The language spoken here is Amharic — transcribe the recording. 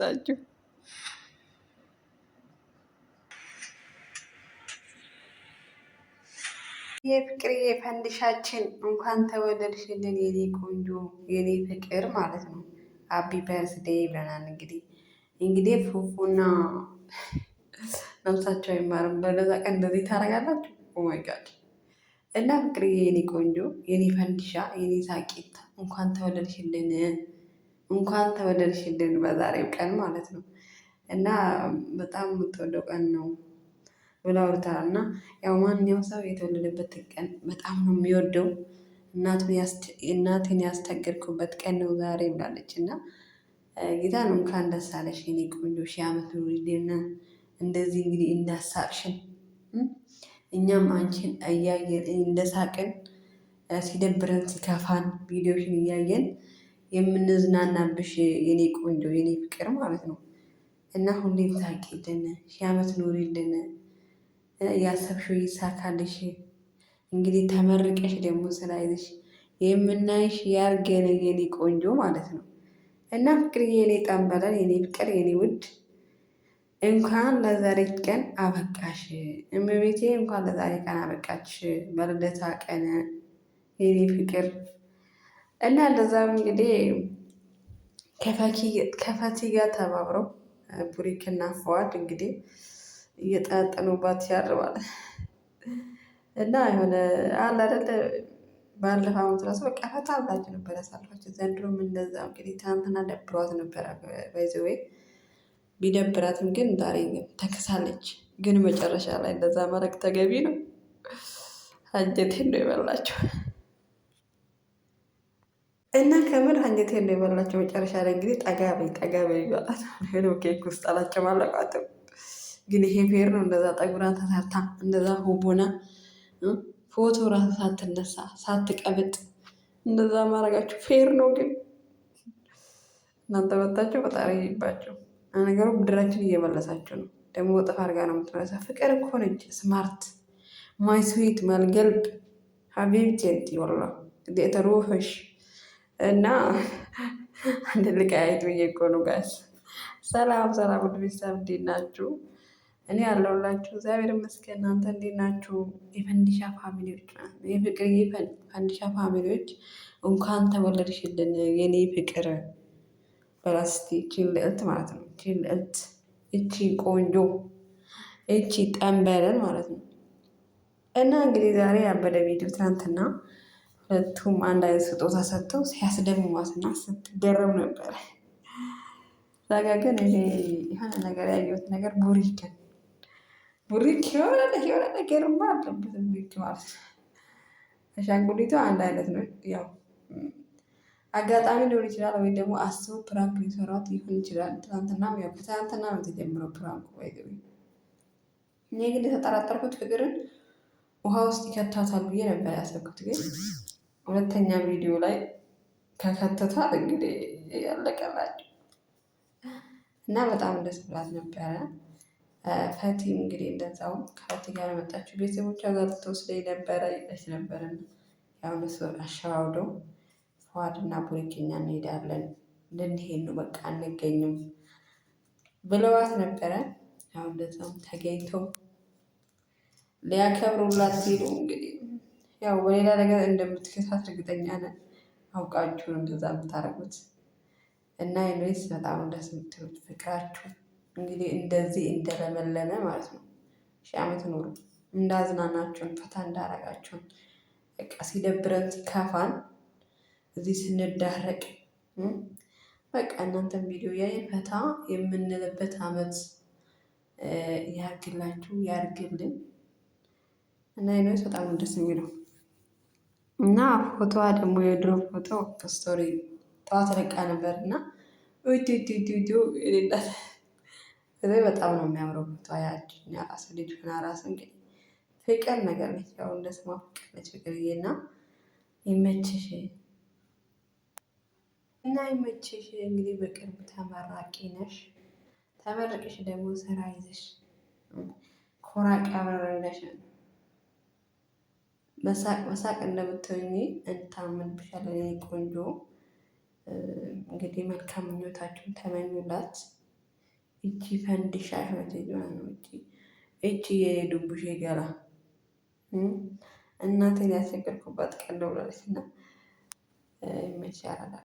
ሳችሁ የፍቅርዬ ፈንድሻችን እንኳን ተወለድሽልን የኔ ቆንጆ የኔ ፍቅር ማለት ነው። አቢ በርስዴ ብለናል። እንግዲህ እንግዲህ ፉፉና ለምሳቸው አይማርም። በለዛ ቀን እንደዚህ ታደርጋላችሁ። ኦማይ oh ጋድ እና ፍቅርዬ የኔ ቆንጆ የኔ ፈንድሻ የኔ ሳቂት እንኳን ተወለድሽልን። እንኳን ተወለድሽልን በዛሬው ቀን ማለት ነው እና በጣም የምትወደው ቀን ነው ብላ አውርታል። እና ያው ማንኛውም ሰው የተወለደበት ቀን በጣም ነው የሚወደው። እናቴን ያስቸገርኩበት ቀን ነው ዛሬ ብላለች እና ጌታ ነው እንኳን ደስ አለሽ የኔ ቆንጆ ሺህ ዓመት ኑሪልን። እንደዚህ እንግዲህ እንዳሳቅሽን እኛም አንቺን እያየን እንደሳቅን ሲደብረን ሲከፋን ቪዲዮሽን እያየን የምንዝናናብሽ የኔ ቆንጆ የኔ ፍቅር ማለት ነው። እና ሁሌም ታቂልን፣ ሺህ ዓመት ኑሪልን፣ ያሰብሽው ይሳካልሽ። እንግዲህ ተመርቀሽ ደግሞ ስራ ይዘሽ የምናይሽ ያርገን የኔ ቆንጆ ማለት ነው። እና ፍቅር የኔ ጠንበላል፣ የኔ ፍቅር፣ የኔ ውድ እንኳን ለዛሬ ቀን አበቃሽ። እመቤቴ እንኳን ለዛሬ ቀን አበቃች። በልደታ ቀን የኔ ፍቅር እና እንደዛም እንግዲህ ከፈቲ ጋር ተባብረው ቡሪክና ፈዋድ እንግዲህ እየጠነጠኑባት ያርባል እና የሆነ አለ አይደለ ባለፈ አመት ራሱ በቃ ፈታ ብላችሁ ነበር ያሳልፋችሁ። ዘንድሮም እንደዛ እንግዲህ ትናንትና ደብሯት ነበረ ባይዘወይ ቢደብራትም ግን ዛሬ ተከሳለች። ግን መጨረሻ ላይ እንደዛ ማድረግ ተገቢ ነው። አንጀቴን ነው የበላቸው። እና ከምር አንጀቴን ነው የበላቸው። መጨረሻ ላይ እንግዲህ ጠጋ በይ ጠጋ በይ ይባላል። ምክንያቱም ኬክ ውስጥ አላቸው አለቋትም። ግን ይሄ ፌር ነው እንደዛ ጠጉራ ተሰርታ እንደዛ ሆቦና ፎቶ ራሱ ሳትነሳ ሳትቀብጥ እንደዛ ማድረጋችሁ ፌር ነው። ግን እናንተ በታቸው ፈጣሪ ይባቸው። ነገሩ ብድራችን እየመለሳቸው ነው። ደግሞ ወጥፍ አድርጋ ነው የምትመለሳ። ፍቅር እኮ ነች። ስማርት ማይ ስዊት መልገልብ ሀቢብ ጀንት ይወላ ዴተሩፍሽ እና አንድ ልቀያየት ብዬ እኮ ነው ጋይስ። ሰላም ሰላም፣ ውድ ቤተሰብ እንዴት ናችሁ? እኔ ያለሁላችሁ እግዚአብሔር ይመስገን። እናንተ እንዴት ናችሁ? የፈንዲሻ ፋሚሊዎች የፍቅር የፈንዲሻ ፋሚሊዎች እንኳን ተወለድሽልን የኔ ፍቅር በላስቲ ቺን ልዕልት ማለት ነው። ቺን ልዕልት እቺ ቆንጆ እቺ ጠንበለን ማለት ነው። እና እንግዲህ ዛሬ ያበደ ቪዲዮ ትናንትና ሁለቱም አንድ አይነት ስጦታ ሰጥተው ሲያስደምሟትና ስትገረም ነበረ። እዛ ጋ ግን እኔ የሆነ ነገር ያየሁት ነገር ቡሪክን ቡሪክ የሆነ የሆነ ነገርማ አለበት። ቡሪክ ማለት አሻንጉሊቱ አንድ አይነት ነው። ያው አጋጣሚ ሊሆን ይችላል ወይ ደግሞ አስቡ ፕራንክ ሊሰራት ሊሆን ይችላል። ትናንትና ያው ከትናንትና ነው የተጀምረው ፕራንክ ወይ ግን እኔ ግን የተጠራጠርኩት ፍቅርን ውሃ ውስጥ ይከታታል ብዬ ነበር ያሰብኩት ግን ሁለተኛ ቪዲዮ ላይ ከከተቷት እንግዲህ ያለቀላቸው እና በጣም ደስ ብላት ነበረ። ፈቲ እንግዲህ እንደዛው ከፈቲ ጋር መጣችሁ ቤተሰቦቿ ጋር ልትወስደኝ ነበረ ይጠች ነበረ። ያው እነሱ አሸዋውደው ፈዋድና ቡሪኬኛ እንሄዳለን ልንሄድ ነው በቃ አንገኝም ብለዋት ነበረ። ያው እንደዛም ተገኝተው ሊያከብሩላት ሲሉ እንግዲህ ያው በሌላ ነገር እንደምትከሳት እርግጠኛ ነን። አውቃችሁ ነው እንደዛ የምታደርጉት እና ዩኒስ በጣም ደስ የምትሉት ፍቅራችሁ እንግዲህ እንደዚህ እንደለመለመ ማለት ነው። ሺ ዓመት ኖሩ እንዳዝናናችሁን ፈታ እንዳረጋችሁን በቃ ሲደብረን ሲከፋን እዚህ ስንዳረቅ በቃ እናንተን ቪዲዮ ያ ፈታ የምንልበት አመት ያርግላችሁ ያርግልን እና ይኖስ በጣም ደስ የሚለው እና ፎቶዋ ደግሞ የድሮ ፎቶ ስቶሪ ጠዋት ለቃ ነበር እና ዲዲዲዲዲ በጣም ነው የሚያምረው ፎቶ ያችኛ ራሱ ልጅ ሆና ራሱ እንግዲህ ፍቅር ነገር ነች። ያው እንደ ፍቅር ነች። ፍቅርዬ እና ይመችሽ እና ይመችሽ። እንግዲህ በቅርብ ተመራቂ ነሽ። ተመረቅሽ ደግሞ ስራ ይዘሽ ኮራ ቀብረሽ መሳቅ መሳቅ እንደምትሆኝ እንታመንብሻለን የኔ ቆንጆ። እንግዲህ መልካም ምኞታችሁን ተመኙላት። እቺ ፈንድሻ ህይወት ነው። እቺ የዱቡሽ ገላ እናቴን ያስቸገርኩባት ቀን ነው ብላለች እና ይመችሽ አላላ